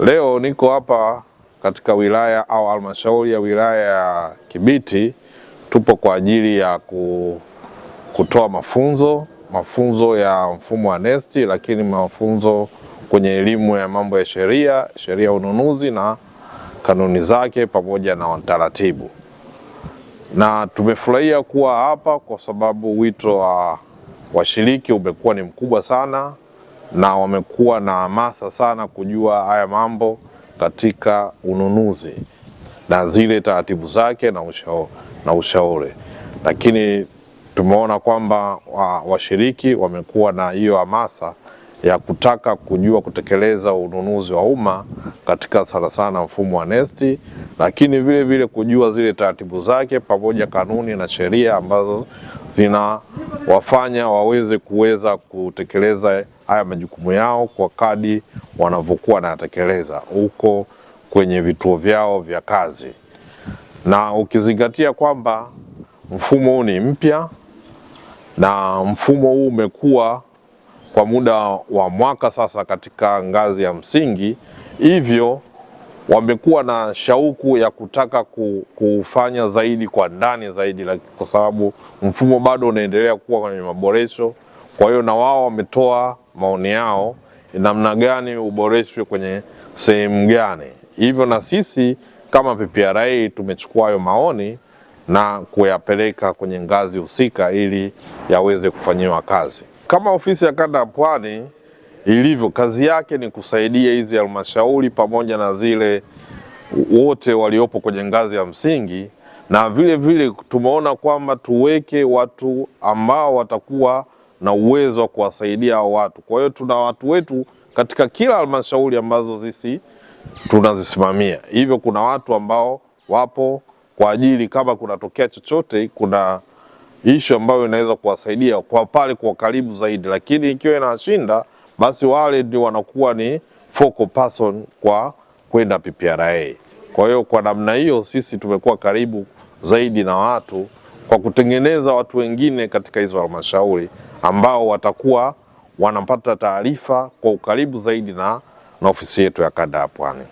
Leo niko hapa katika wilaya au halmashauri ya wilaya ya Kibiti. Tupo kwa ajili ya kutoa mafunzo, mafunzo ya mfumo wa NeST, lakini mafunzo kwenye elimu ya mambo ya sheria, sheria ya ununuzi na kanuni zake pamoja na utaratibu. Na tumefurahia kuwa hapa kwa sababu wito wa washiriki umekuwa ni mkubwa sana na wamekuwa na hamasa sana kujua haya mambo katika ununuzi na zile taratibu zake na ushauri, na ushauri. Lakini tumeona kwamba washiriki wa wamekuwa na hiyo hamasa ya kutaka kujua kutekeleza ununuzi wa umma katika sana sana mfumo wa nesti lakini vile vile kujua zile taratibu zake pamoja kanuni na sheria ambazo zinawafanya waweze kuweza kutekeleza haya majukumu yao kwa kadi wanavyokuwa wanayatekeleza huko kwenye vituo vyao vya kazi, na ukizingatia kwamba mfumo huu ni mpya na mfumo huu umekuwa kwa muda wa mwaka sasa katika ngazi ya msingi, hivyo wamekuwa na shauku ya kutaka kufanya zaidi kwa ndani zaidi, kwa sababu mfumo bado unaendelea kuwa kwenye maboresho. Kwa hiyo na wao wametoa maoni yao namna gani uboreshwe kwenye sehemu gani. Hivyo na sisi kama PPRA tumechukua hayo maoni na kuyapeleka kwenye ngazi husika ili yaweze kufanyiwa kazi. Kama ofisi ya kanda ya Pwani ilivyo, kazi yake ni kusaidia hizi halmashauri pamoja na zile wote waliopo kwenye ngazi ya msingi, na vile vile tumeona kwamba tuweke watu ambao watakuwa na uwezo wa kuwasaidia hao watu. Kwa hiyo tuna watu wetu katika kila halmashauri ambazo sisi tunazisimamia. Hivyo kuna watu ambao wapo kwa ajili kama kunatokea chochote, kuna ishu ambayo inaweza kuwasaidia kwa pale kwa karibu zaidi, lakini ikiwa inawashinda, basi wale ndio wanakuwa ni focal person kwa kwenda PPRA. Kwa hiyo kwa namna hiyo sisi tumekuwa karibu zaidi na watu kwa kutengeneza watu wengine katika hizo halmashauri ambao watakuwa wanapata taarifa kwa ukaribu zaidi na, na ofisi yetu ya kanda ya Pwani.